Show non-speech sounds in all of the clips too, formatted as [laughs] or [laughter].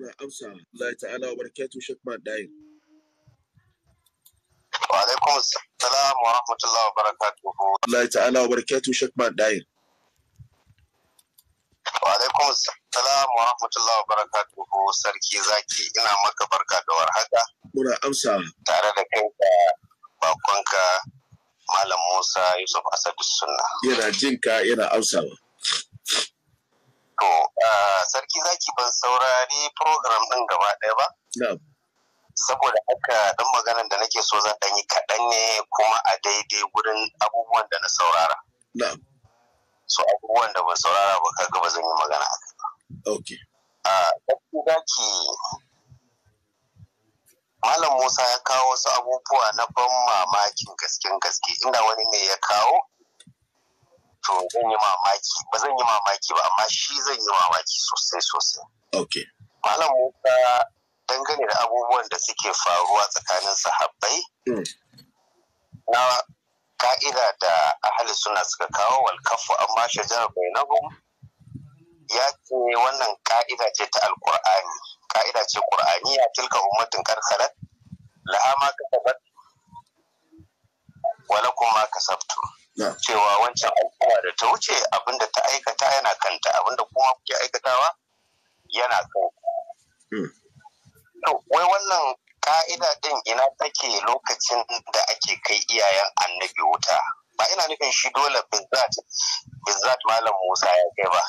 muna amsa Allah ta'ala wa barakatu Sheikh Mandayin. Wa alaikum assalam wa rahmatullahi wa barakatuhu. Allah ta'ala wa barakatu Sheikh Wa alaikum assalam wa rahmatullahi wa barakatuhu sarki zaki ina maka barka da warhaka. Muna amsa. Tare da kanka bakonka Malam Musa Yusuf Asadu Sunna. Yana jinka yana amsawa. To, sarki zaki ban saurari program ɗin gaba ɗaya ba? Saboda haka ɗan maganan da nake so zan ɗanyi kaɗan ne kuma a daidai wurin abubuwan da na saurara. So abubuwan da ban saurara ba kaga ba zan yi magana a kai ba. Ok. Sarki zaki Malam Musa ya kawo wasu abubuwa na ban mamakin gaske gaske inda wani ne ya kawo. to zan yi mamaki ba zan yi mamaki ba amma shi zan yi mamaki sosai sosai malam musa dangane da abubuwan da suke faruwa tsakanin sahabbai hmm. na ka'ida da ahali suna suka kawo walkafu amma shajar bainahum ya ce wannan ka'ida ce ta alkur'ani ka'ida ce ya tilka ummatin karkara laha ma kasabat wala kuma kasabtu cewa wancan yana da ta wuce abinda ta aikata yana kanta abinda kuma kuke aikatawa yana kanta. Hmm. wai wannan ka'ida din ina take lokacin da ake kai iyayen annabi wuta. Ba ina nufin shi dole bizzat bizzat malam Musa ya kai ba.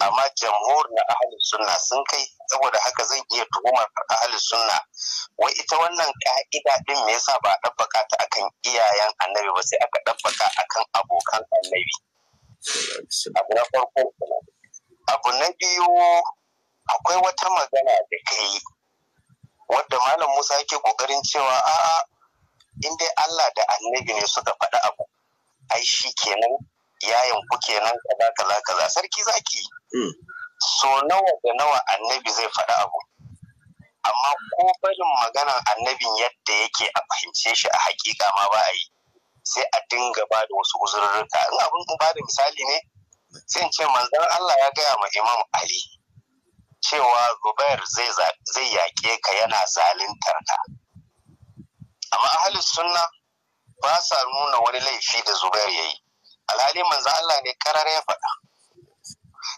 Amma jamhur na ahli sunna sun kai saboda haka zan iya tuhumar ahli sunna. Wai ita wannan ka'ida din me yasa ba a ɗabbaka ta akan iyayen annabi ba sai aka dabbaka akan abokan annabi. abu na farko biyu akwai wata magana da yi. wadda malam musa yake kokarin cewa a'a in dai allah da annabi ne suka faɗi abu ai shi kenan yayin ku kenan kaza kaza kaza sarki zaki hmm. so nawa da nawa annabi zai faɗi abu amma ko barin maganan annabin yadda yake a fahimce shi a hakika ma ba a yi sai a dinga ba da wasu uzurrurka in abin ba da misali ne sai ce manzon Allah ya gaya ma Imam Ali cewa Zubair zai yaƙe ka yana zalintar ka amma ahalin sunna ba sa nuna wani laifi da Zubair ya yi alhali manzon Allah ne karar ya faɗa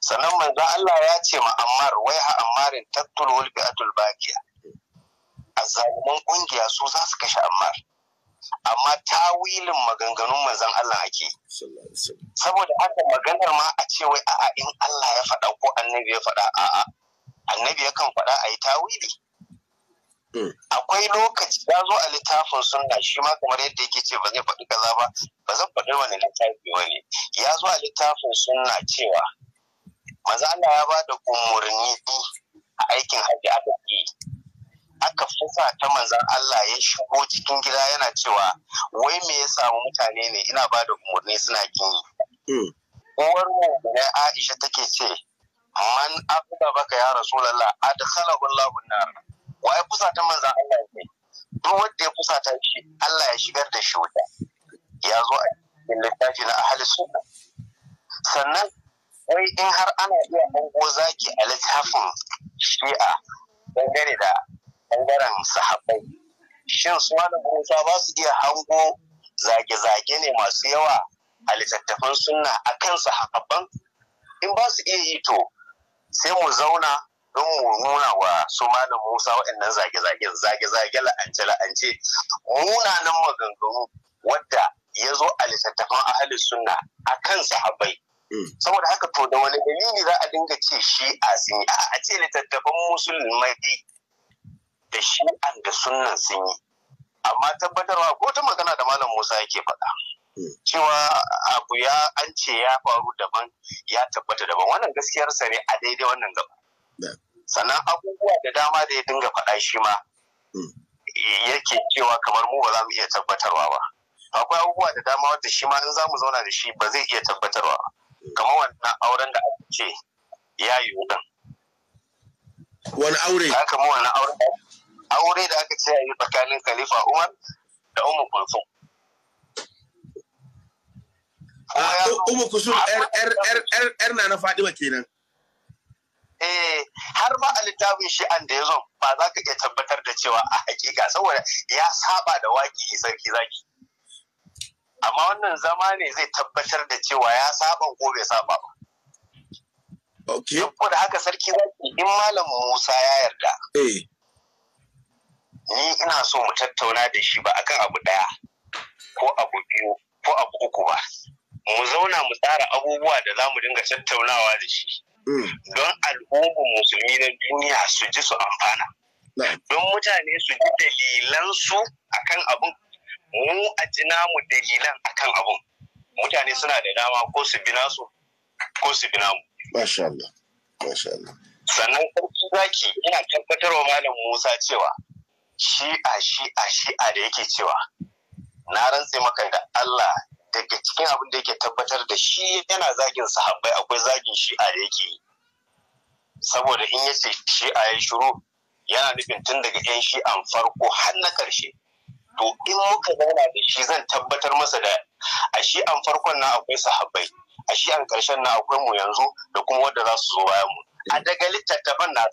sannan manzon Allah ya ce ma Ammar wai ha Ammarin tattul wal bi'atul baqiya azzalumin kungiya su za su kashe Ammar amma tawilin maganganun manzon Allah ake saboda haka maganar ma a ce wai a'a in Allah ya faɗa ko annabi ya faɗa a'a annabi yakan faɗa a yi tawili hmm. akwai lokaci ya zo a littafin sunna shi ma kamar yadda yake ce ba zai faɗi kaza ba ba zan faɗi wani littafi wani ya zo a littafin sunna cewa maza Allah ya ba da umarni a aikin hajji aka yi aka fusa ta manzan Allah ya shigo cikin gida yana cewa wai me ya samu mutane ne ina ba da umarni suna gini. Hmm. Uwar mu ne Aisha take ce man abda baka ya rasulullah adkhalahu Allahu nar wai fusa ta manzan Allah ne duk wanda ya fusa ta shi Allah ya shigar da shi wuta ya zo a cikin littafi na ahli sunna sannan wai in har ana iya hango zaki a littafin shi'a dangane da sahabbai shin su malam musa ba su iya hango zage-zage ne masu yawa a littattafan sunna a kan sahabban in ba su iya yi to sai mu zauna don mu nuna wa su malam musa waɗannan zage zage zage-zage la'ance-la'ance munanan maganganu wadda ya zo a littattafan ahalin sunna a kan sahabbai hmm. saboda haka to da wani dalili za a dinga ce shi a sinya a ce littattafan musulmai da shi'an da sunnan sun yi amma tabbatarwa ko ta magana da malam musa yake faɗa hmm. cewa abu ya an ce ya faru daban ya tabbata daban wannan gaskiyar sa ne a daidai wannan gaba sannan abubuwa da dama da ya dinga faɗa shi ma hmm. yake cewa kamar mu ba za mu iya tabbatarwa ba akwai abubuwa da dama wanda shi ma in za mu zauna da shi ba zai iya tabbatarwa hmm. kamar wannan auren da ake ce ya yi wudan wani aure haka mu wannan auren aure da aka ce a yi tsakanin khalifa umar da umu kulsum ah, umu kulsum yar na na fadima kenan eh har ma a littafin shi an da ya zo ba za ka iya tabbatar da cewa a hakika saboda ya saba da waki sarki zaki amma wannan zama ne zai tabbatar da cewa ya saba ko bai saba ba Okay. Saboda haka sarki zaki in malam Musa ya yarda. Eh. ni ina so mu tattauna da shi ba akan abu ɗaya ko abu biyu ko abu uku ba mu zauna mu tsara abubuwa da za mu dinga tattaunawa da shi mm. don al'ummar musulmi na duniya su ji su amfana don mutane su ji dalilansu akan abun mu a ji namu dalilan akan abun mutane suna da dama ko su bi nasu ko su bi namu sannan ƙarfi zaki ina tabbatarwa malam musa cewa shi'a shi'a shi'a da yake cewa na rantse maka da Allah daga cikin abin da yake tabbatar da shi yana zagin sahabbai akwai zagin shi'a da yake yi saboda in yace shi'a ya shiru yana nufin tun daga yan shi'an farko har na karshe to in muka zauna da shi zan tabbatar masa da a shi'an farkon na akwai sahabbai a shi'an karshen na akwai mu yanzu da kuma wanda za su zo bayan mu a daga littattafan na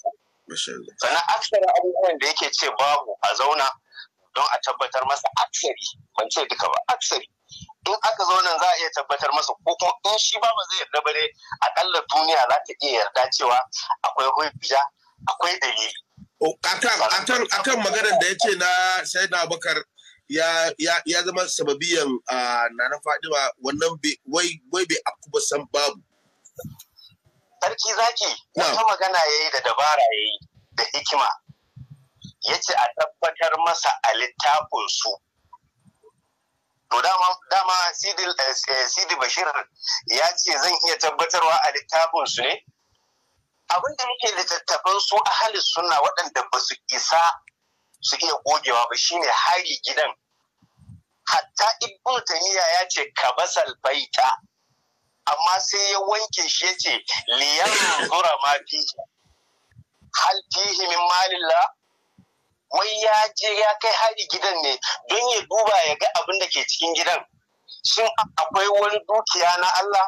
sannan aksari abubuwan da yake ce babu a zauna don a tabbatar masa aksari ban ce duka ba aksari in aka zauna za a iya tabbatar masa ko kuma in shi ba ba zai yarda ba ne akalla duniya za ta iya yarda cewa akwai hujja akwai dalili akan maganar da ya ce na sai na bakar ya zama sababiyan ah, na na fadima wannan wai bai afku ba san babu sarki zaki wata magana ya yi da dabara ya yi da hikima ya ce a tabbatar masa a littafinsu to dama eh, sidi bashir ya ce zan iya tabbatarwa a littafinsu ne abin da yake littattafan su ahalin suna waɗanda ba su isa su iya gogewa ba shine hari gidan hatta ibn taniya ya ce ka basal baita amma sai ya wanke shi ya ce liyan zura ma fihi hal fihi min malilla wai ya je ya kai hari gidan ne don ya duba ya ga abin da ke cikin gidan shin akwai wani dukiya na Allah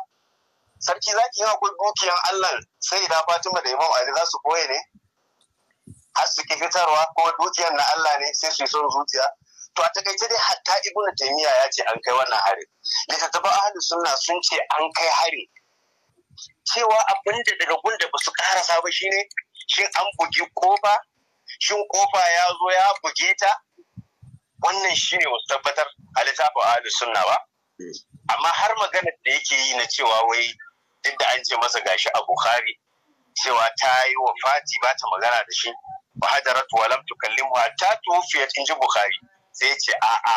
sarki zaki yi akwai dukiyan Allah sai da Fatima da Imam Ali za su koye ne har su ki fitarwa ko dukiyan na Allah ne sai su yi son zuciya to a takaice dai hatta ibnu taymiya ya ce an kai wannan hari. littattafan ahli sunna sun ce an kai hari cewa abin da daga gunda ba su karasa ba shine shin an bugi kofa shin kofa ya zo ya buge ta wannan shine wasu tabbatar a littafin ahli sunna ba amma har maganar da yake yi na cewa wai duk da an ce masa gashi a bukhari cewa ta yi wa fati ba ta magana da shi ba hadarat wa lam tukallimu hatta tuwfiyat in ji bukhari sai ya ce a'a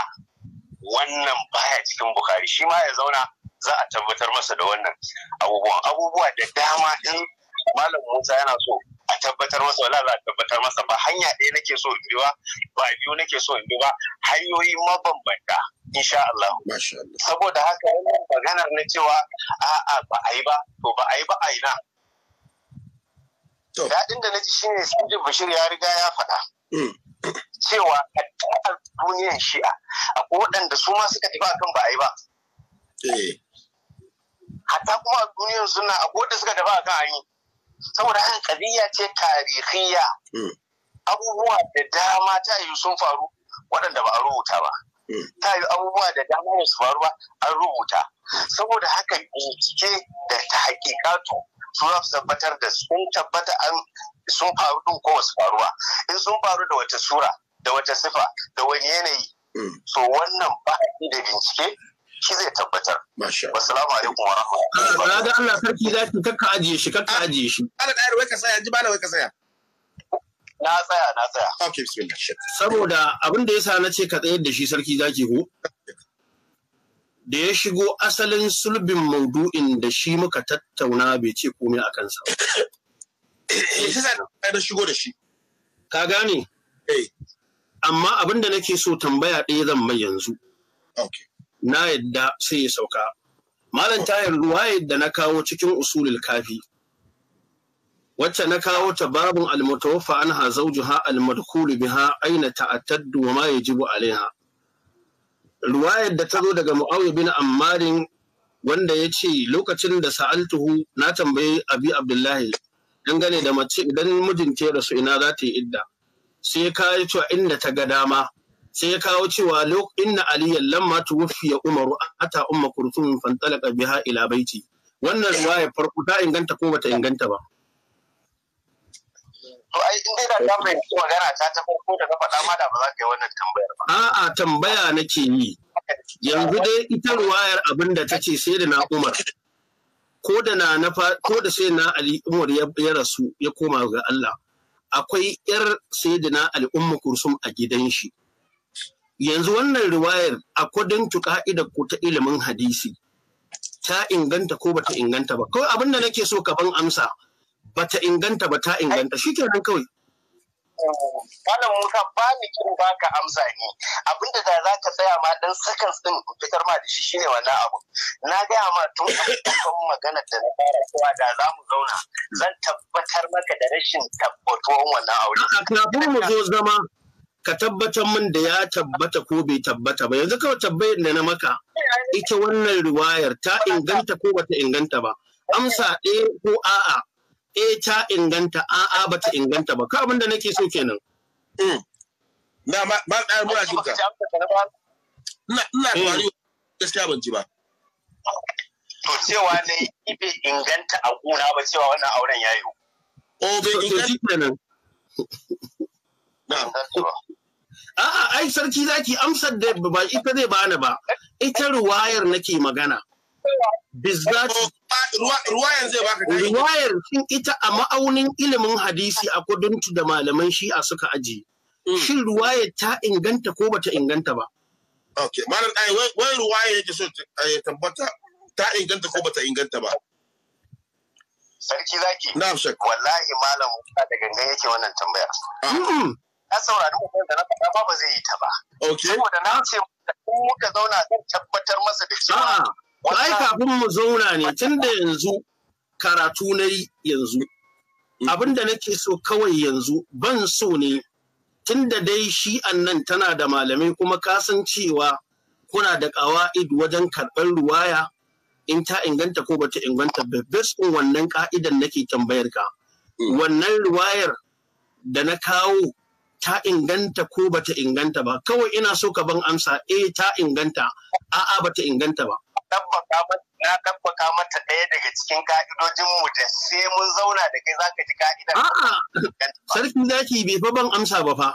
wannan baya cikin bukari shi ma ya zauna za a tabbatar masa da wannan abubuwan abubuwa da dama in malam musa yana so a tabbatar masa wala za a tabbatar masa ba hanya ɗaya nake so in bi ba ba biyu nake so in bi ba hanyoyi mabambanta insha Allah saboda haka wannan maganar na cewa a'a ba a yi ba to ba a yi ba a yi na. daɗin da na ji shine sun ji bashir ya riga ya faɗa mm. cewa a duniyar shi'a akwai waɗanda su ma suka tafi akan ba a yi ba eh. hatta kuma a duniyar suna a waɗanda suka tafi akan hanyi. saboda an kadiyya ce tarihiyya hmm. abubuwa da dama ta yi sun faru waɗanda ba a rubuta ba hmm. ta yi abubuwa da dama da su faru ba an rubuta saboda haka bincike da ta to su tabbatar da sun tabbata an sun faru din ko wasu faruwa in sun faru da wata sura da wata sifa da wani yanayi mm. so wannan ba da bincike shi zai tabbatar. Wassalamu alaikum wa rahmatullahi. Na ga Allah sarki za ki kakka ajiye shi kakka ajiye shi. Ana ɗayar wai ka tsaya ji bala wai ka tsaya. Na tsaya na tsaya. Saboda abin da ya sa na ce ka tsayar da shi sarki za ki ko. da ya shigo asalin sulbin maudu'in da shi muka tattauna bai ce komai a kansa. da shigo da Ka gane? Eh. Amma abin da nake so tambaya ɗaya zan mai yanzu. Na yadda sai ya sauka. Malam tayar ruwa yadda na kawo cikin usulul kafi. wacce na kawo ta babun almutawaffa anha zawjuha almadkhulu biha aina ta'attaddu wa ma yajibu alaiha ruwayar da ta zo daga mu'awiya bin ammarin wanda ya ce lokacin da al-tuhu na tambayi abi abdullahi dangane da mace idan mijinta ya rasu ina za ta yi idda sai ya kawo cewa inda ta ga dama sai ya kawo cewa inna aliyan lamma tuwfiya umaru ata umma kurtum fantalaka biha ila baiti wannan ruwaya farko ta inganta ko bata inganta ba to ai in dai da ka fahimci magana ta ta farko da ka faɗa ma da ba za ka yi wannan tambayar ba a'a tambaya nake yi yanzu dai ita ruwayar abin da ta ce sai da na umar ko da na na ko da sai na ali umar ya rasu ya koma ga Allah akwai yar sai da na ali ummu kursum a gidan shi yanzu wannan riwayar a kudin ka'idar ko ta ilimin hadisi ta inganta ko bata inganta ba kawai abin da nake so ka ban amsa bata inganta ba ta inganta shi kenan kawai Malam Musa ba ni kin baka amsa ne abinda da za ka tsaya ma dan seconds din fitar ma da shi shine wannan abu na gaya ma tun kan magana da na fara cewa da za mu zauna zan tabbatar maka da rashin tabbatuwan wannan aure kafin mu zo zama ka tabbatar min da ya tabbata ko bai tabbata ba yanzu kawai tabbayar da na maka ita wannan riwayar ta inganta ko bata inganta ba amsa ɗaya ko a'a eh ta inganta a'a ba ta inganta ba ka abin nake so kenan mm. na ba ba da na ina eh. gaskiya ban ji ba to cewa ne ibe inganta a gona ba cewa wannan auren yayi o oh, be inganta kenan na a'a ai sarki zaki amsar da ba ita zai bani ba ita ruwayar nake magana bizzat ruwayan shin ita a ma'aunin ilimin hadisi a kuduntu da malaman shi'a suka aji hmm. shin ruwayar ta inganta ko bata inganta ba okay malam ai wai ruwaya yake so ya eh, tabbata ta inganta ko bata inganta ba sarki zaki na'am shek wallahi malam da yake wannan tambaya ah. na saurari mutum da na faɗa ba ba zai yi ta ba okay saboda na ce muka zauna zan tabbatar masa da cewa ah. ai kafin mu zauna ne tun da yanzu karatu na yi yanzu mm. abin da nake so kawai yanzu ban so ne tun da dai shi nan tana da malamai kuma kasan cewa kuna da ƙawa'id wajen karɓar ruwaya in ta inganta ko bata inganta babbes in wannan ka'idan nake tambayar ka mm. wannan ruwayar da na kawo ta inganta ko bata inganta ba kawai ina so ka ban amsa eh ta inganta a'a bata inganta ba na ɗabbaka mata ɗaya daga cikin ka'idojin mu da sai mun zauna da kai zaka ji ka'idar a'a sarki zaki bai fa ban amsa ba fa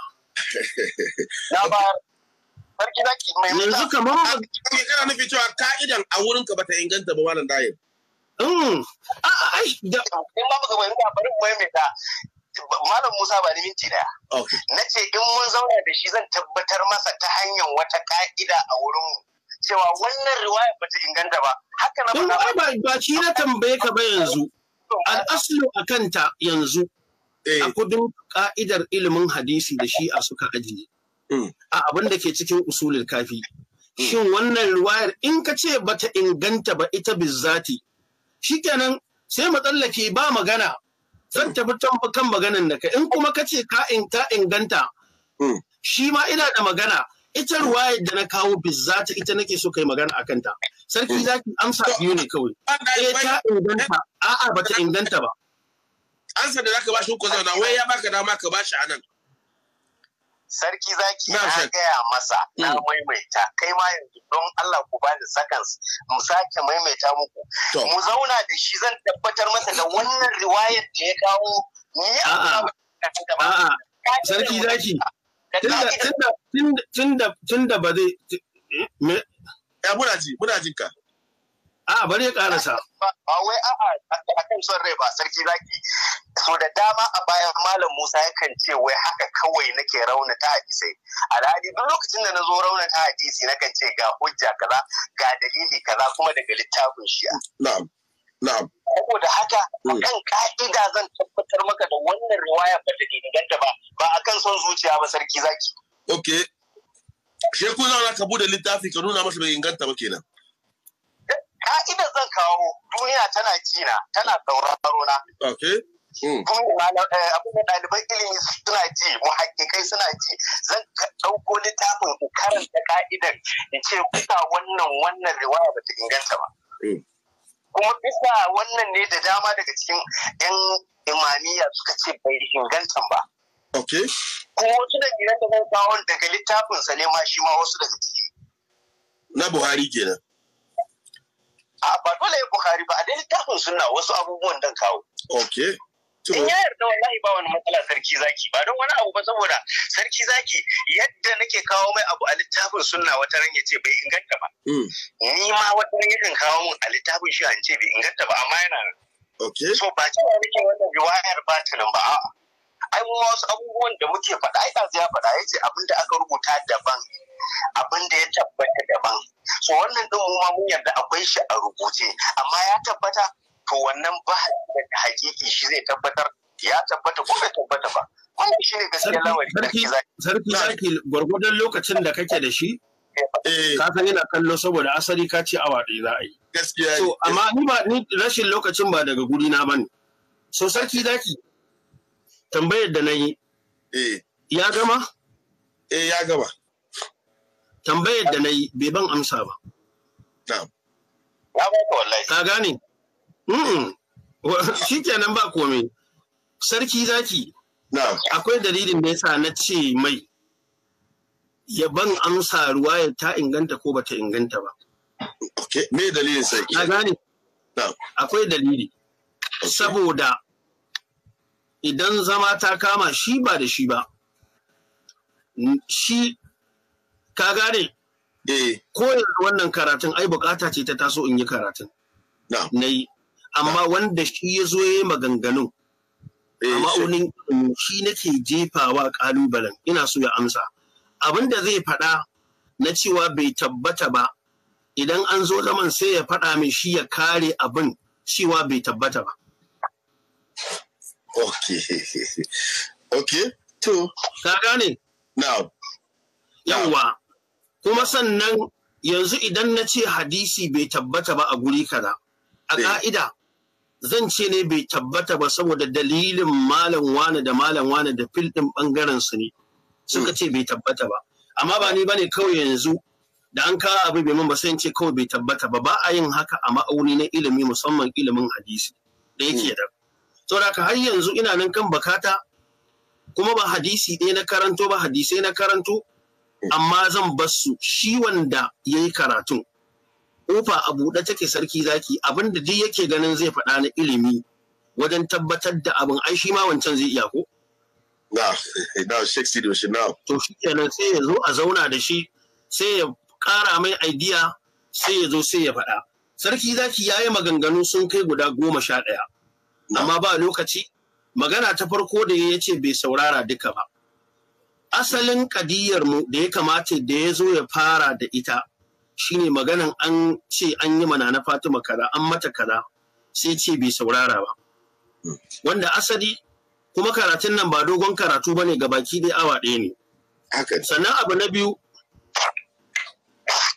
na ba sarki zaki mai yanzu kamar me kana nufi cewa ka'idan a wurin ka bata inganta ba wannan dayin mm. a'a ai da in ba ga bayyana bari mu mai Malam Musa ba ni minti daya. Na ce in mun zauna da shi zan tabbatar masa ta hanyar wata ka'ida a wurinmu. cewa wannan riwaya ta inganta ba haka na faɗa ba shi na tambaye ka ba yanzu al'aslu a kanta yanzu eh. a kudin ka'idar ilimin hadisi da shi a suka ajiye hmm. a abin da ke cikin usulul kafi hmm. shin wannan riwayar in ka ce bata inganta ba ita bizzati shikenan sai mu ba magana zan hmm. tafi kan maganan da ka in kuma ka ce ka inganta shi ma ina da magana ita ruwayar da na kawo bizzata ita nake so kai magana a kanta. Sarki zaki amsa biyu ne kawai. Eh ta inganta, a'a ba ta inganta ba. Ansa da zaka shi ko zauna wai ya baka dama ka ba shi anan. Sarki zaki na gaya masa na hmm. maimaita kai ma yanzu don Allah ku bani seconds mu sake maimaita muku. Mu zauna da shi zan tabbatar masa da wannan riwayar da ya kawo ni a a Sarki zaki. Tunda ba zai ya muna ji ka a bari ya karasa ba wai a kan son rai ba sarki zaki so da dama a bayan malam Musa yakan ce wai haka kawai nake raunata hadisai alhadi duk lokacin da na zo ta hadisi nakan ce ga hujja kaza ga dalili kaza kuma daga littafin shi'a na'am saboda haka hmm. a kan ka'ida zan tabbatar maka da wannan riwaya ba da inganta ba ba a kan son zuciya ba sarki zaki ok sheku zauna ka bude littafi ka nuna masa bai inganta ba kenan ka'idar zan kawo duniya tana kina tana sauraro na hmm. eh, abin da ɗaliban ilimi suna ji muhakkikai suna ji zan ɗauko littafin ku karanta ka'idar in ce kusa wannan wannan riwaya ba ta inganta ba hmm. kuma bisa wannan ne da dama daga cikin 'yan imamiya suka ce bai ingantan ba Ok. ko wasu da gidan da zan kawo daga littafinsa ne ma shi ma wasu daga ciki na buhari kenan a ba dole ya buhari ba a dai littafin suna wasu abubuwan dan kawo Ok. in ya yarda wallahi ba wani matsala sarki zaki ba don wani abu ba saboda sarki zaki yadda nake kawo mai abu a littafin sunna wata ran ya ce bai inganta ba hmm. ni ma wata ran yakan kawo mun a littafin shi an ce bai inganta ba amma yana nan okay so ba cewa nake wannan riwayar nan ba a'a ai mu wasu abubuwan da muke faɗa ai ɗazu ya faɗa ya ce abinda aka rubuta daban abinda ya tabbata daban so wannan ɗin mu ma mun yarda akwai shi a rubuce amma ya tabbata to wannan ba da hakiki shi zai tabbatar ya tabbata ko bai tabbata ba wannan shi ne gaskiyar lamari sarki zaki gwargwadon lokacin da kake da shi eh. ka san yana kallo saboda asali ka ce awa ɗaya za a yi gaskiya so amma ni ba ni rashin lokacin ba daga guri na bane so sarki zaki tambayar da na yi eh. ya gama eh ya gama tambayar da na yi bai ban amsa ba na'am ya ba ka wallahi ka gane [laughs] Shi kenan ba komai. Sarki zaki. Akwai dalilin da yasa na ce mai ya ban amsa ruwa ya ta inganta ko bata inganta ba. Me dalilin sarki? A gane. Akwai dalili. Saboda idan zama ta kama shi ba da shi ba. Shi ka gane eh. ko yanzu wannan karatun ai bukata ce ta taso in yi karatun na yi amma wanda shi ya zo ya yi maganganu eh, ma'aunin shi nake jefawa kalubalen ina so ya amsa abin da zai faɗa na cewa bai tabbata ba idan an zo zaman sai ya faɗa mai shi ya kare abin cewa bai tabbata ba ok [laughs] ok to ka gane now yawwa kuma sannan yanzu idan na ce hadisi bai tabbata ba a guri kaza a ka'ida eh. zan ce ne bai tabbata ba saboda dalilin malam wane da malam wane da fil ɗin bangaren su ne suka hmm. ce bai tabbata ba amma ba ni bane kawai yanzu da an kawo abu bai mun ba sai ce kawai bai tabbata ba ba a yin haka a ma'auni na ilimi musamman ilimin hadisi da yake hmm. da saboda har yanzu ina nan kan bakata kuma ba hadisi ɗaya na karanto ba hadisai na karanto hmm. amma zan bar su shi wanda ya yi karatun kofa a buɗe take sarki zaki abin da duk yake ganin zai faɗa na ilimi wajen tabbatar da abin ai shi ma wancan zai iya ko na [laughs] na shi na to shi kenan sai ya zo a zauna da shi sai ya ƙara mai idea sai ya zo sai ya faɗa sarki zaki yayi maganganu sun kai guda goma sha ɗaya amma ba lokaci magana ta farko da ya ce bai saurara duka ba asalin kadiyar mu da ya kamata da ya zo ya fara da ita shine maganan an ce an yi mana na Fatima kaza an mata kaza sai ce bai saurara ba hmm. wanda asali kuma karatun nan ba dogon karatu bane ga baki dai awa ɗaya ne sannan abu na biyu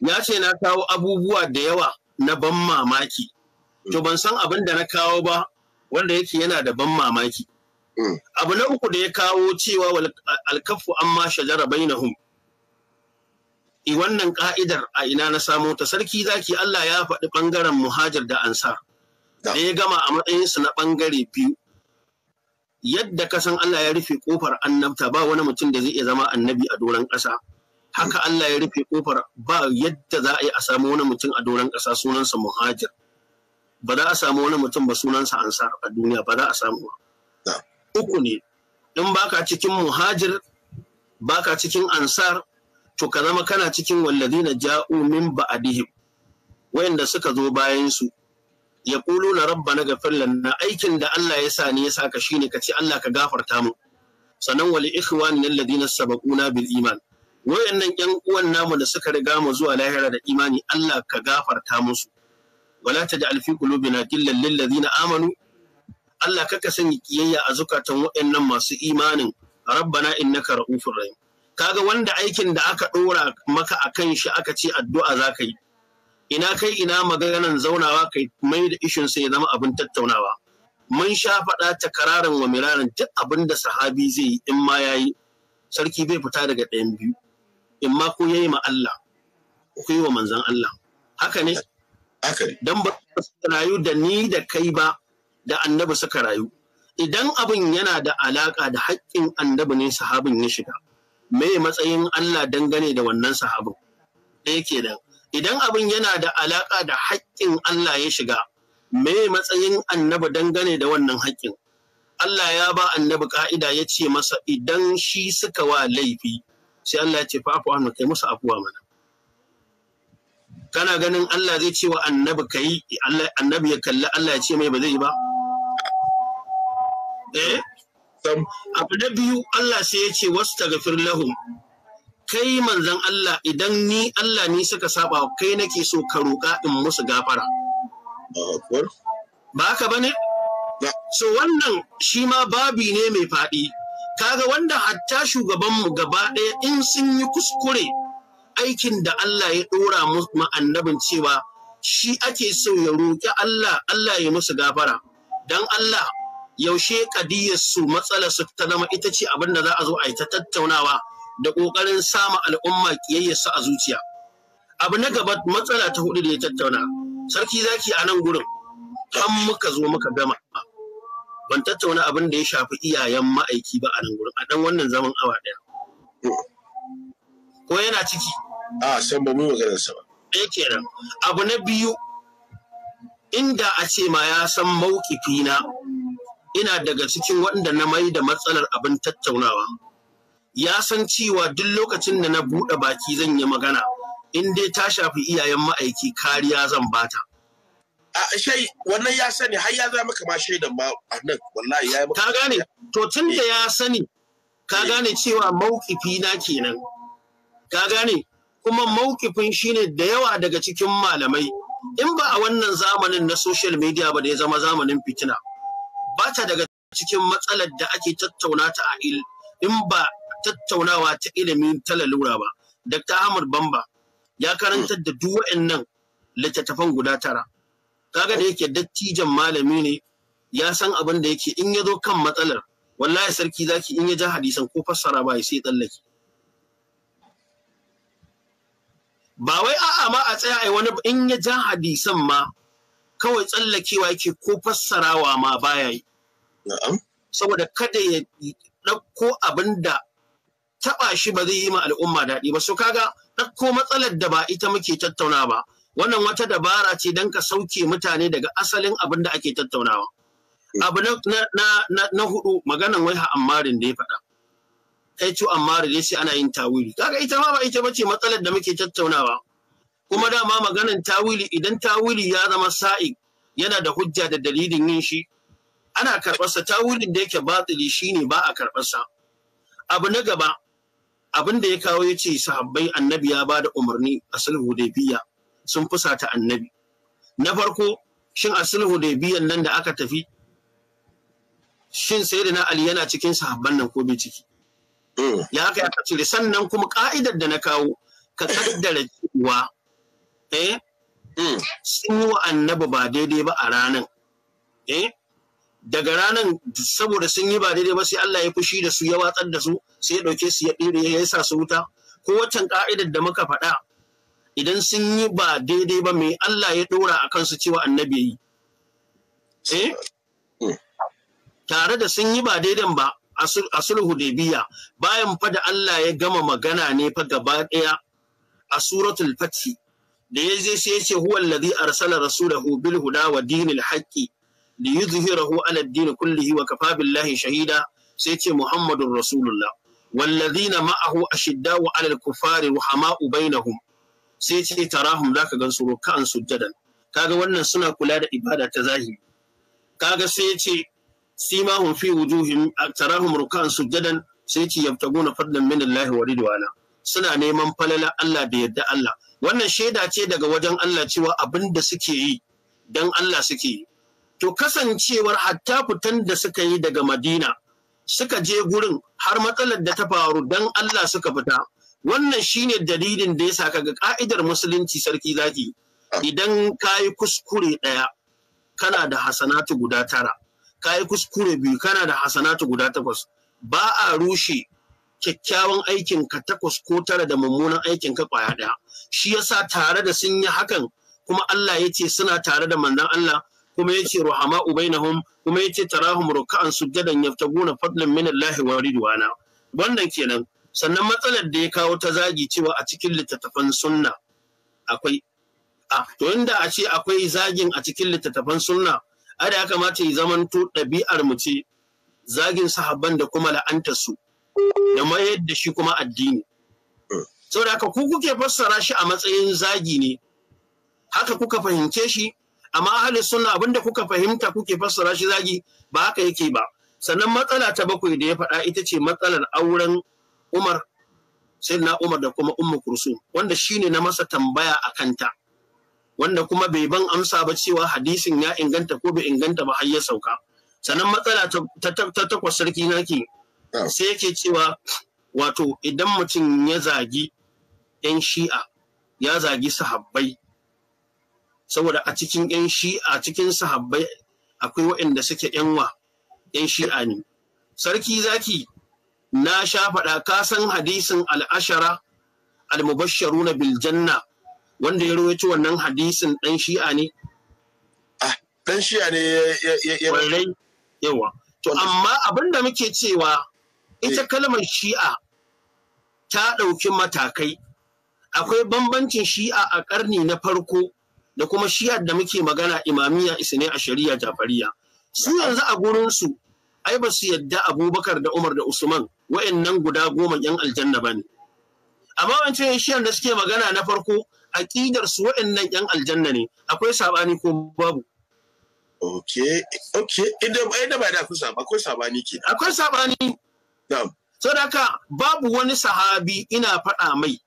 ya ce na kawo abubuwa da yawa na ban mamaki hmm. to ban san abin da na kawo ba wanda yake yana da ban mamaki hmm. abu na uku da ya kawo cewa alkafu amma shajara bainahum i eh, wannan ka'idar a ina na samo ta sarki zaki Allah ya faɗi ɓangaren muhajir da ansar da ya gama a matsayinsu na ɓangare biyu yadda ka san Allah ya rufe ƙofar annabta ba wani mutum da zai iya zama annabi a doron ƙasa haka Allah ya rufe ƙofar ba yadda za a yi a samu wani mutum a doron ƙasa sunansa muhajir ba za a samu wani mutum ba sunansa ansar a duniya ba za a samu uku ne in baka cikin muhajir baka cikin ansar to ka zama kana cikin na ja'u min ba'dihim wayanda suka zo bayan su ya kulu na rabba na lana aikin da Allah ya sa ni ya saka shine ka ce Allah ka gafarta mu sannan wali ikhwan lil ladina sabaquna bil iman wayannan yan uwan namu da suka riga mu zuwa lahira da imani Allah ka gafarta musu wala taj'al fi qulubina gillan lil ladina amanu Allah kaka sanya kiyayya a zukatan wayannan masu imanin rabbana innaka ra'ufur rahim kaga wanda aikin da aka ɗora maka a kan shi aka ce addu'a za ka yi ina kai ina maganan zaunawa kai mai da ishin sai ya zama abin tattaunawa mun sha faɗa ta kararin wa miraran duk abin da sahabi zai yi in ma yayi sarki bai fita daga ɗayan biyu in ma ku yayi ma Allah ku yi wa manzon Allah haka ne dan ba rayu da ni da kai ba da annabi suka rayu idan abin yana da alaka da haƙƙin annabi ne sahabin ya shiga me matsayin Allah dangane da wannan sahabu ɗaya kenan idan abin yana da alaƙa da haƙƙin Allah ya shiga me matsayin annabi dangane da wannan haƙƙin Allah ya ba annabi ƙa'ida ya ce masa idan shi suka wa laifi sai Allah ya ce fa hannu kai musu afuwa mana kana ganin Allah zai ce wa annabi kai annabi ya kalli Allah ya ce mai ba zai yi ba eh abu na biyu Allah sai ya ce wasu wastaghfir lahum kai manzan Allah idan ni Allah ni suka saba kai nake so ka roƙa in musu gafara ba haka bane so wannan shi ma babi ne mai faɗi kaga wanda hatta shugabanmu gaba ɗaya in sun yi kuskure aikin da Allah ya ɗora musu annabin cewa shi ake so ya roƙi Allah Allah ya musu gafara dan Allah yaushe kadiyar su matsalar su ta zama ita ce abin da za a zo a yi ta tattaunawa da kokarin sama al'umma kiyayyar su a zuciya abu na gaba matsala ta hudu da ya tattauna sarki zaki a nan gurin an muka zo muka gama ban tattauna abin da ya shafi iyayen ma'aiki ba a nan gurin a dan wannan zaman awa daya ko yana ciki a san ba mu magana sa ba eh kenan abu na biyu inda a ce ma ya san maukifi na ina daga cikin waɗanda na mai da matsalar abin tattaunawa ya san cewa duk lokacin da na buɗe baki zan yi magana in dai ta shafi iyayen ma'aiki kariya zan bata a shai wannan ya sani har ya zama kama shaidan ma a nan wallahi ya ka gane to tun da eh. ya sani ka eh. gane cewa maukifi na kenan ka gane kuma mauƙifin shine da yawa daga cikin malamai in ba a wannan zamanin na social media ba da ya zama zamanin fitina ba ta daga cikin matsalar da ake tattauna ta a il in ba tattaunawa ta ilimin lalura ba Dr. Ahmad Bamba ya karantar da duk waɗannan littattafan guda tara kaga da yake dattijan malami ne ya san abin da yake in ya zo kan matsalar wallahi sarki zaki in ya ja hadisan ko fassara ba sai tsallake ba wai a'a ma a tsaya ai wani in ya ja hadisan ma kawai tsallakewa yake ko fassarawa ma baya yi. Saboda kada ya ɗauko abin da taɓa shi ba zai yi ma al'umma daɗi ba. So kaga ɗauko matsalar da ba ita muke tattauna ba. Wannan wata dabara ce don ka sauke mutane daga asalin abin da ake tattaunawa. Abu na, hudu maganan wai ha ammarin da ya faɗa. Kai to ammarin sai ana yin tawili. Kaga ita ma ba ita bace matsalar da muke tattaunawa. kuma dama maganan tawili idan tawili ya zama sa'i yana da hujja da dalilin yin shi ana karɓarsa tawilin da yake batili shine ba a karɓarsa abu na gaba abin da ya kawo ya ce sahabbai annabi ya ba da umarni a sulhu hudaybiya sun fusata annabi na farko shin a sulhu hudaybiyan nan da aka tafi shin na ali yana cikin sahabban nan ko bai ciki mm. ya aka aka cire sannan kuma ka'idar da na kawo ka kaddara cewa eh mm. sun yi wa annabi ba daidai ba a ranan eh daga ranan saboda sun yi ba daidai ba sai Allah ya fushi da su ya watsar da su sai ya dauke su ya dire ya sa su wuta ko waccan ka'idar da muka faɗa idan sun yi ba daidai ba mai Allah ya dora a kansu cewa annabi yi eh mm. tare da sun yi ba daidan ba a sulhu da biya bayan fa da Allah ya gama magana ne fa gaba ɗaya a suratul fatih da ya je sai ya ce huwa alladhi arsala rasulahu bil huda wa dinil haqqi li yuzhirahu ala ad-din kullihi wa kafa billahi shahida sai ce muhammadur rasulullah والذين معه أشداء على الكفار رحماء بينهم سيتي تراهم ذاك gansu ركعا سجدا kaga wannan suna kula da ibada ta zahiri kaga sai yace simahum fi wujuhim tarahum rukan sujadan sai yace yabtaguna fadlan min Allah wa ridwana suna neman falala Allah da yadda Allah wannan shaida ce daga wajen Allah cewa abin da suke yi don Allah suke yi to kasancewar hatta fitan da suka yi daga Madina suka je gurin har matsalar da ta faru don Allah suka fita wannan shine dalilin da ya sa kaga ka'idar musulunci sarki zaki idan ka yi kuskure ɗaya kana da hasanatu guda tara ka yi kuskure biyu kana da hasanatu guda takwas ba a rushe kyakkyawan aikin ka takwas ko tara da mummunan aikin ka kwaya ɗaya shi yasa tare da sun yi hakan kuma Allah ya ce suna tare da manzon Allah kuma ya ce ruhama ubainahum kuma ya ce tarahum ruka'an sujjadan yaftaguna fadlan min Allah wa ridwana wannan kenan sannan matsalar da ya kawo ta zagi cewa a cikin littattafan sunna akwai a to inda a ce akwai zagin a cikin littattafan sunna a da ya kamata ya zamanto ɗabi'ar mu ce zagin sahabban da kuma la'antar su ya mayar da shi kuma addini saboda haka ku kuke fassara shi a matsayin zagi ne haka kuka fahimce shi amma ahli suna abinda kuka fahimta kuke fassara shi zagi ba haka yake ba sannan matsala ta bakwai da ya faɗa ita ce matsalar auren Umar sai na Umar da kuma Ummu Kursum wanda shine na masa tambaya a kanta wanda kuma bai ban amsa ba cewa hadisin ya inganta ko bai inganta ba har ya sauka sannan matsala ta takwas sarki na ke. sai yake cewa wato idan mutum ya zagi 'yan shi'a ya zagi sahabbai saboda a cikin 'yan shi'a cikin sahabbai akwai waɗanda suke wa 'yan shi'a ne sarki zaki na sha faɗa ka san hadisin al'ashara al-mubashsharuna na Biljanna, wanda ya rawaito wannan hadisin ɗan shi'a ne ah, ɗan shi'a ne ya yawa to amma abin da muke cewa ita eh. kalmar shi'a ta ɗauki matakai akwai bambancin shi'a a ƙarni na farko da kuma shi'ar da muke magana imamiya isne a shari'a jafariya su yanzu a gurinsu ai ba su yadda abubakar da umar da usman wa'annan guda goma yan aljanna ba ne amma wancan shi'ar da suke magana na farko aƙidar su wa'annan yan aljanna ne akwai saɓani ko babu Okay, okay, idan ba da akwai sabani ke. Akwai sabani, Sadaka babu wani sahabi ina faɗa mai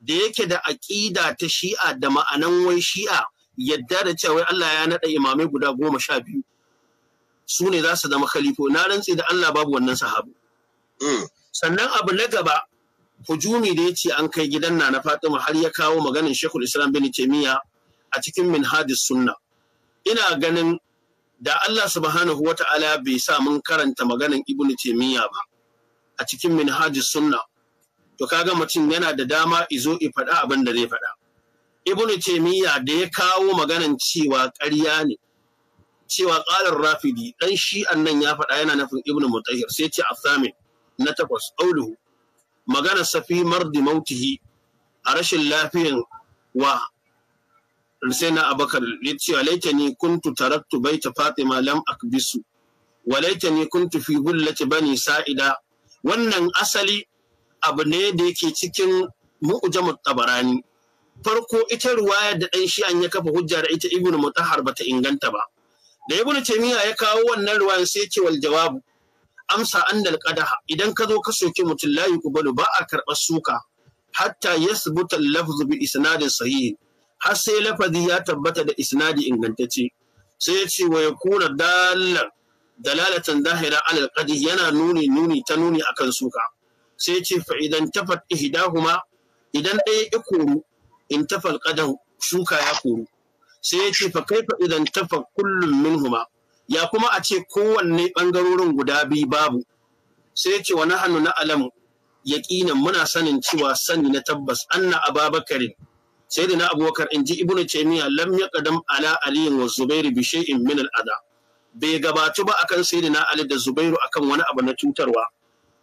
da yake da aƙida ta shi'a da ma'anan wai shi'a yadda da cewa Allah ya naɗa imamai guda goma sha biyu su ne za su zama khalifo na rantse da Allah babu wannan sahabu. Mm. Sannan abu na gaba hujumi da ya ce an kai gidan na na Fatima har ya kawo maganin Shekul Islam bin Taimiyya a cikin Minhajus Sunna. Ina ganin da Allah subhanahu wa ta'ala bai sa mun karanta maganin Ibn Taimiyya ba. a cikin minhaji sunna to kaga mutum yana da dama izo i faɗa abin da zai faɗa Ibn taymiya da ya kawo maganan cewa ƙarya ne cewa ƙalar rafidi ɗan shi nan ya faɗa yana nufin Ibn mutahhir sai ce asamin na takwas auluhu magana safi mardi mautihi a rashin lafiyan wa sai na abakar ya ce laitani kuntu taraktu baita fatima lam akbisu wa laitani kuntu fi gullati bani sa'ida wannan asali abu ne da yake cikin mu'jamu tabarani farko ita ruwaya da ɗan shi'an ya kafa hujja da ita ibnu mutahhar bata inganta ba da ibnu taymiya ya kawo wannan ruwayan sai ke wal jawabu amsa annal qadaha idan ka zo ka soke mutum ku yuqbalu ba a karɓar suka hatta yasbuta al-lafzu bi isnadin sahih har sai lafazi ya tabbata da isnadi ingantacce sai ya ce wa yakuna dallan dalalatan zahira alal qadi yana nuni nuni ta nuni akan suka sai ce fa idan tafat ihdahuma idan ɗaya ya kuru, in tafal qadan shuka ya koru sai ya ce fa kaifa idan tafa kullum minhuma ya kuma a ce kowanne bangarorin guda biyu babu sai ya ce wa na alam yaqinan muna sanin cewa sani na tabbas anna ababakarin sayyidina abubakar inji ibnu taymiya lam yaqdam ala aliyin wa zubairu bi shay'in min al-adab bai gabatu ba akan sayyidina Ali da Zubairu akan wani abu na cutarwa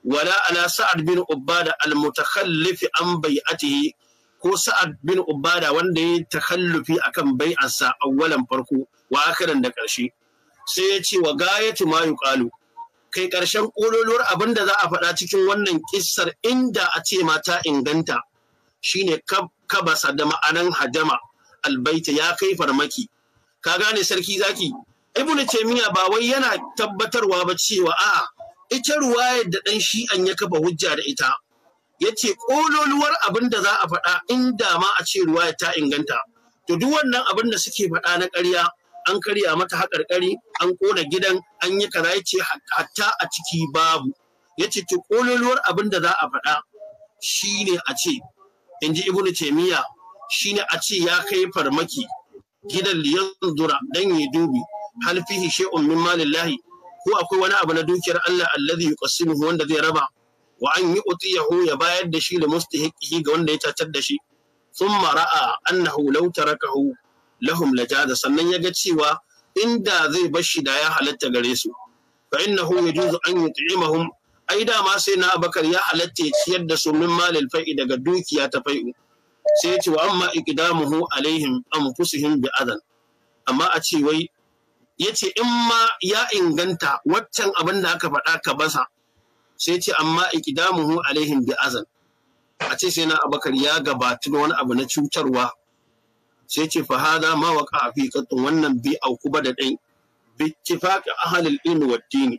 wala ala Sa'ad bin Ubada al-mutakhallif an bai'atihi ko Sa'ad bin Ubada wanda ya takhallufi akan bai'arsa awwalan farko wa akhiran da ƙarshe sai ya ce wa gayatu ma yuqalu kai ƙarshen ƙololuwar abin da za a faɗa cikin wannan kissar inda a ce mata inganta shine kabasa da ma'anan hajama albaita ya kai farmaki ka gane sarki zaki ibn taymiya ba wai yana tabbatarwa ba cewa a ita ruwaya da dan an ya kafa hujja da ita yace kololuwar abin da za a faɗa inda ma a ce ruwayar ta inganta to duk wannan abin da suke faɗa na ƙarya an karya mata haƙarƙari an ƙona gidan an yi kaza yace hatta a ciki babu yace to kololuwar abin da za a faɗa shine a ce inji ibnu taymiya shine a ce ya kai farmaki gidan liyan dura dan ya dubi hal fihi shay'un min malillahi ko akwai wani abu na dukiyar Allah allazi yuqsimuhu wanda zai raba wa an yu'tiyahu ya bayar da shi da mustahiqihi ga wanda ya tatar da shi thumma ra'a annahu law tarakahu lahum lajaza sannan ya ga cewa inda zai bar shi da ya halatta gare su fa innahu yajuzu an yut'imahum ai dama sai na abakar ya halatta ya ciyar da su min malil fai'i daga dukiya ta fai'u sai ya ce wa amma iqdamuhu alaihim anfusihim bi adan amma a ce wai ya ce in ma ya inganta waccan abin da aka faɗa ka basa sai ce amma ikidamuhu alaihim bi azan a ce sai na abakar ya gabatu da wani abu na cutarwa sai ce fa hada ma waqa a fi wannan bi auku ba da dai bi ittifaqi ahlil ilmi wad din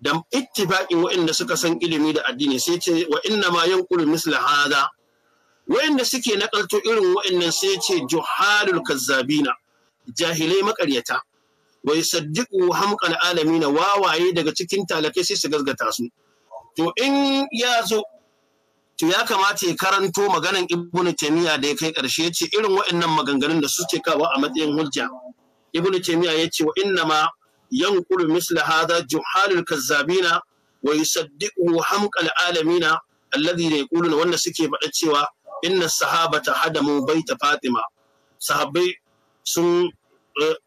dan ittifaqin waɗanda suka san ilimi da addini sai ce wa inna ma yanqulu misla hada waɗanda suke nakalto irin waannan sai ce juhalul kazzabina jahilai makaryata wa yusaddiqu hamqal alamin wawaye daga cikin talakai sai su gazgata su to in ya zo to ya kamata ya karanto maganan Ibn taymiya da ya kai karshe yace irin waɗannan maganganun da suke kawo a matsayin hujja ibnu taymiya yace wa inna ma yanqulu misla hadha juhalul kazzabina wa yusaddiqu hamqal alamina alladhi yaqulu wanda suke faɗa cewa inna sahabata hadamu baita fatima sahabbai sun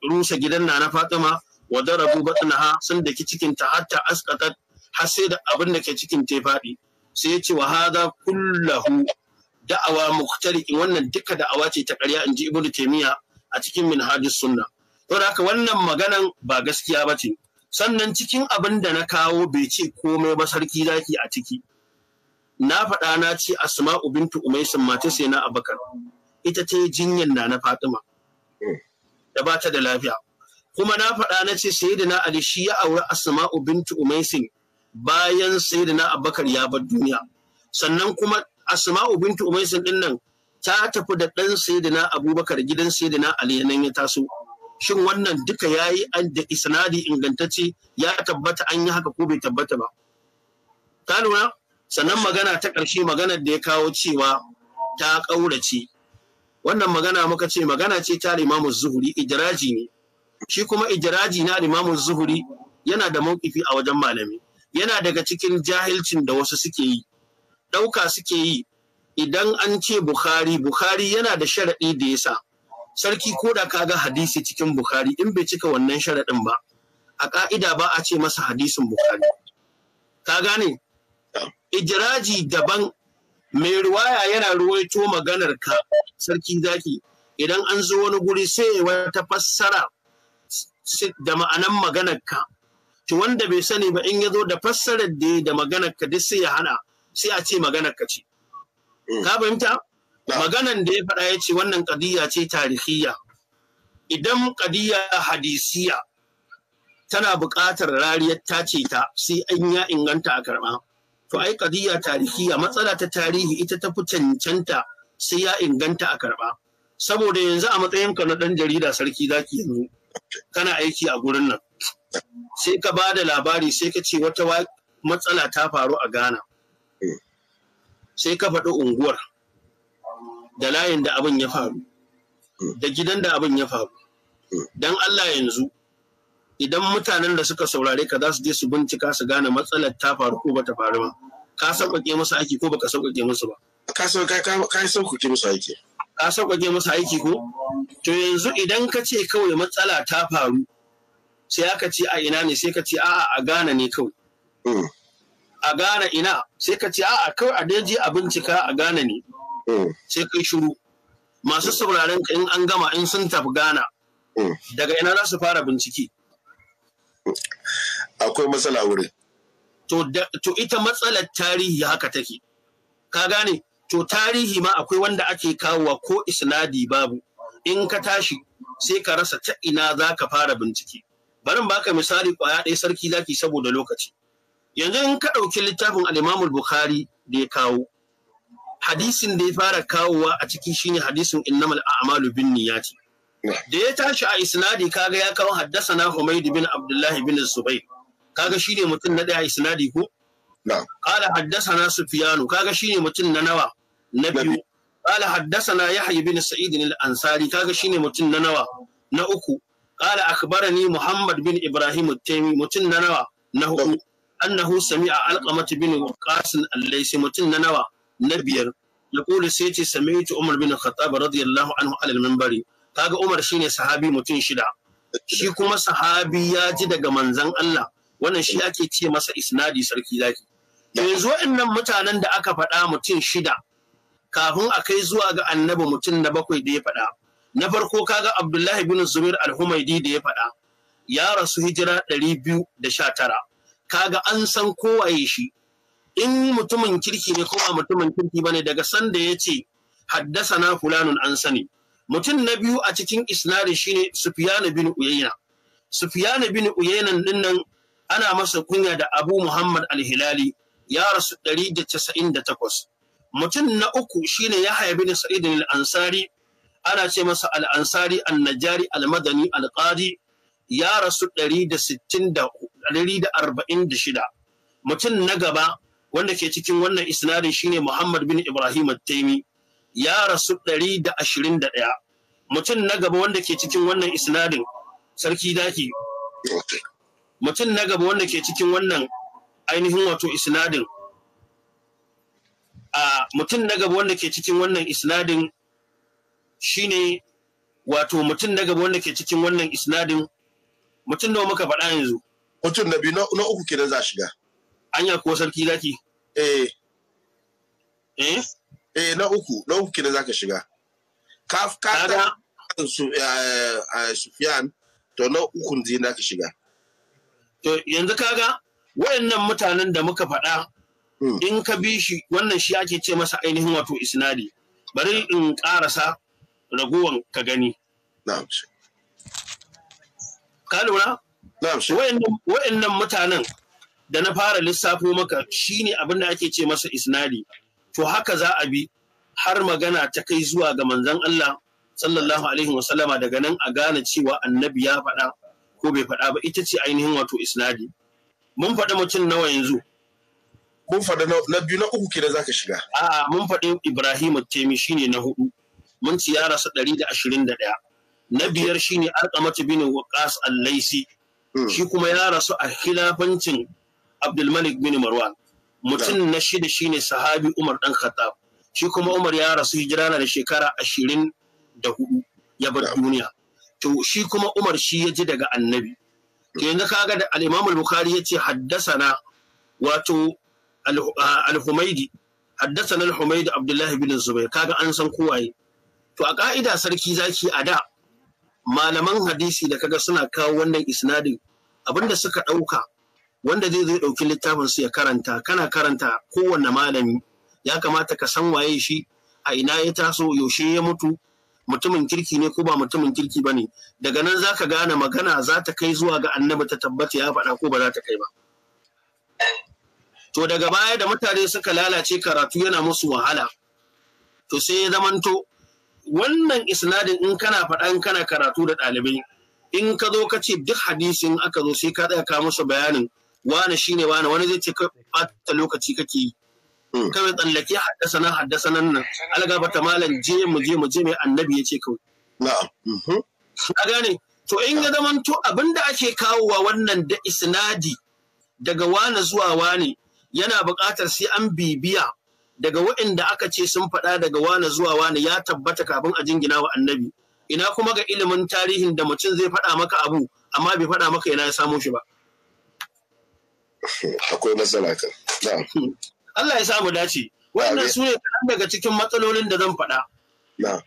rusa gidan na na Fatima wa darabu batnaha sun daki cikin ta hatta asqatat har sai da abin da ke cikin ta fadi sai ya ce wa hada kullahu da'awa muhtariqin wannan duka da'awa ce ta ƙarya inji ibnu taymiya a cikin minhajus sunna to haka wannan maganan ba gaskiya bace sannan cikin abin da na kawo bai ce komai ba sarki zaki a ciki na faɗa na ce asma'u bintu umaysin mata sai na abakar ita ce jinyan jinyar na na fatima da ba ta da lafiya kuma na faɗa na ce sayyidina ali shi ya auri asma'u bintu umaisin bayan sayyidina abubakar ya bar duniya sannan kuma asma'u bintu umaisin din nan ta tafi da ɗan sayyidina abubakar gidan sayyidina ali nan ya taso shin wannan duka yayi an da isnadi ingantacce ya tabbata an yi haka ko bai tabbata ba ta lura sannan magana ta ƙarshe maganar da ya kawo cewa ta ƙaurace wannan magana muka ce magana ce ta Imam Zuhuri, Ijiraji ne shi kuma Ijiraji na Imam Zuhuri yana da maukifi a wajen malami yana daga cikin jahilcin da wasu suke yi ɗauka suke yi idan an ce Bukhari Bukhari yana da sharaɗi da yasa sarki ko da ka ga hadisi cikin Bukhari in bai cika wannan sharaɗin ba a ka'ida ba a ce masa hadisin Bukhari ka gane Ijiraji daban mai ruwaya yana ruwaito maganar ka sarki zaki idan an zo wani guri sai wata fassara da ma'anan maganar ka to wanda bai sani ba in ya zo da fassarar da da maganar ka duk sai ya hana sai a ce maganar ka ce mm. ka fahimta maganan da ya faɗa ya ce wannan ƙadiyya ce tarihiyya idan ƙadiyya hadisiya tana buƙatar rariyar ce ta sai an ya inganta a karɓa to ai kadiya tarihiya matsala ta tarihi ita ta fi cancanta sai ya inganta a karɓa saboda yanzu a matsayin ka na ɗan jarida sarki zaki yanzu kana aiki a gurin nan sai ka ba da labari sai ka ce wata matsala ta faru a ghana sai ka faɗi unguwar da layin da abin ya faru da gidan da abin ya faru don allah yanzu idan mutanen da suka saurare ka za su je su bincika su gane matsalar ta faru ko bata faru ba ka sauƙaƙe musu aiki ko baka sauƙaƙe musu ba ka sauƙaƙe musu aiki ka sauƙaƙe musu aiki ko to yanzu idan ka ce kawai matsala ta faru sai aka ce a ina ne sai ka ce a'a a gane ne kawai mm. a gane ina sai ka ce a'a kawai a daji a bincika a gane ne mm. sai kai shiru masu sauraren ka in an gama in sun tafi gana mm. daga ina za su fara bincike akwai matsala wurin to ita matsalar tarihi haka take ka gane to tarihi ma akwai wanda ake kawowa ko isnadi babu in ka tashi sai ka rasa ta ina za ka fara bincike Barin baka misali kwaya ɗaya sarki zaki saboda lokaci yanzu in ka ɗauki littafin Alimamul Bukhari da ya kawo hadisin da ya fara kawowa a ciki shine hadisin innamal a'malu bin Niyati. da ya tashi a isnadi kaga ya kawo haddasa na Humaid bin Abdullahi bin Zubair kaga shine mutum na daya isnadi ko qala haddathana Sufyan kaga shine mutum na nawa na biyu qala haddathana Yahya bin Sa'id al-Ansari kaga shine mutum na nawa na uku Muhammad قال أخبرني محمد بن إبراهيم التيمي متن نوى أنه أنه سمع القمة بن وقاص الليثي متن نوى نبير يقول سيتي سمعت عمر بن الخطاب رضي الله عنه على المنبر kaga Umar shine sahabi mutum shida shi kuma sahabi ya ji daga manzan Allah wannan shi ake ce masa isnadi sarki zaki yanzu wa'annan mutanen da aka faɗa mutum shida kafin a kai zuwa ga annabi mutum na bakwai da ya faɗa na farko kaga Abdullahi bin Zubair al-Humaidi da ya faɗa ya rasu hijira ɗari biyu da sha tara kaga an san kowaye shi in mutumin kirki ne ko ba mutumin kirki bane daga sanda ya ce haddasa na fulanun an sani mutum na biyu a cikin isnadi shine Sufyan bin Uyayna Sufyan bin Uyayna dinnan ana masa kunya da Abu Muhammad al-Hilali ya rasu 198 mutum na uku shine Yahya bin Sa'id al-Ansari ana ce masa al-Ansari an-Najari al-Madani al-Qadi ya rasu shida. mutum na gaba wanda ke cikin wannan isnadin shine Muhammad bin Ibrahim at ya rasu ɗari da ashirin da ɗaya mutum na gaba wanda ke cikin wannan isnadin sarki daki mutum na gaba wanda ke cikin wannan ainihin wato isnadin a mutum na gaba wanda ke cikin wannan isnadin ne wato mutum na gaba wanda ke cikin wannan isnadin mutum nawa muka faɗa yanzu mutum na biyu na uku kenan za shiga anya ko sarki daki? eh eh eh na uku na uku kina zaka shiga ka ka ta eh, eh, Sufyan to na uku ne zaka shiga to yanzu kaga wayannan mutanen da muka faɗa hmm. in ka bi shi wannan shi ake ce masa ainihin wato isnadi bari in ƙarasa raguwan ka gani na'am ka lura na'am wayannan mutanen da na fara lissafo maka shine abin da ake ce masa isnadi to haka za a bi har magana ta kai zuwa ga manzon Allah sallallahu alaihi wasallama daga nan a gane cewa annabi ya faɗa ko bai faɗa ba ita ce ainihin wato isnadi mun faɗi mutum nawa yanzu mun faɗi na biyu na uku kenan zaka shiga a'a mun faɗi Ibrahim Temi shine na hudu mun ci ya da 121 na biyar shine Arqamatu bin Waqas Al-Laisi hmm. shi kuma ya rasu a khilafancin Abdulmalik bin Marwan mutum na shida shine sahabi Umar dan Khattab shi kuma Umar ya rasu hijira na da shekara ashirin da hudu ya bar duniya to shi kuma Umar shi ya ji daga annabi to yanzu kaga da al-Imam al-Bukhari yace haddasana wato al-Humaydi haddasana al-Humaydi bin Zubair kaga an san kowaye to a ka'ida sarki zaki a da malaman hadisi da kaga suna kawo wannan isnadin abinda suka ɗauka wanda zai zai ɗauki littafin su ya karanta kana karanta kowanne malami ya kamata ka san waye shi a ina ya taso yaushe ya mutu mutumin kirki ne ko ba mutumin kirki ba ne daga nan za ka gane magana za ta kai zuwa ga annabi ta tabbata ya faɗa ko ba za ta kai ba to daga baya da mutane suka lalace karatu yana musu wahala to sai ya zamanto wannan isnadin in kana faɗa in kana karatu da ɗalibai in ka zo ka ce duk hadisin aka zo sai ka tsaya ka musu bayanin wani shine wani wani zai ce kai ɓata lokaci kake yi hmm. kawai tsallake haddasa nan haddasa nan nan algaba ta malam je mu je mu je mai annabi ya ce kawai na'am mhm. a gane to in ya zamanto da ake kawowa wannan da isnadi daga wane zuwa wane yana buƙatar sai an bibiya daga waɗanda aka ce sun faɗa daga wane zuwa wani ya tabbata kafin a jingina wa annabi ina kuma ga ilimin tarihin da mutum zai faɗa maka abu amma bai faɗa maka yana ya samo shi ba akwai matsala kan Allah ya sa mu dace wannan su ne daga cikin matsalolin da zan faɗa na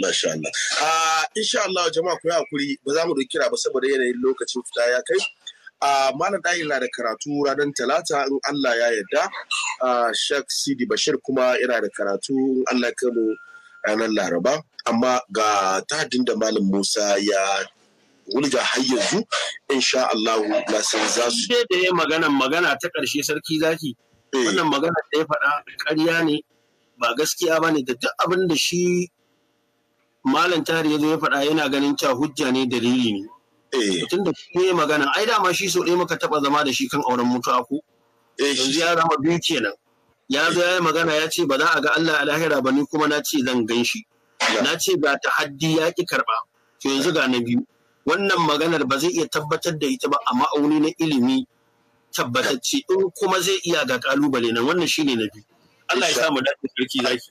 Masha Allah. Ah, insha Allah jama'a ku hakuri ba za mu da kira ba saboda yanayin lokacin fita ya kai. Mana ah, Malam na da karatu ranar Talata in Allah ya yarda. Ah, Shek Sidi Bashir kuma yana da karatu in Allah ya ranar Laraba. Amma ga tahadin da Malam Musa ya Wani ga har yanzu insha Allah na san za su da ya magana magana ta ƙarshe sarki zaki eh. wannan magana da ya faɗa ƙarya ne ba gaskiya ba ne da duk abin da shi malam tari ya zo ya faɗa yana ganin cewa hujja ne dalili ne eh. tun da ya magana ai dama shi so ɗaya muka taɓa zama da shi kan auren mutuwa ko eh, yanzu ya zama biyu kenan ya zo ya yi magana ya ce ba za a ga Allah a lahira ba ni kuma na ce zan gan shi na ce ba ta haddi ya ƙi karɓa to yanzu ga na biyu wannan maganar ba zai iya tabbatar da ita ba a ma'auni na ilimi tabbatacce in kuma zai iya ga kalubale nan wannan shine na biyu Allah ya samu daɗin sarki zaki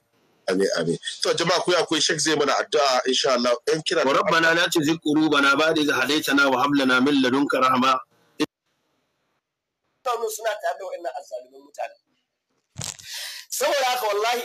Amin amin. To jama'a ku ya ku Sheikh zai mana addu'a insha Allah. Ɗan kira. Wa rabbana la tuzigh qulubana ba'da idh hadaytana wa hab lana min ladunka rahma. Suna tare da wa'annan azzalumin mutane. Saboda haka wallahi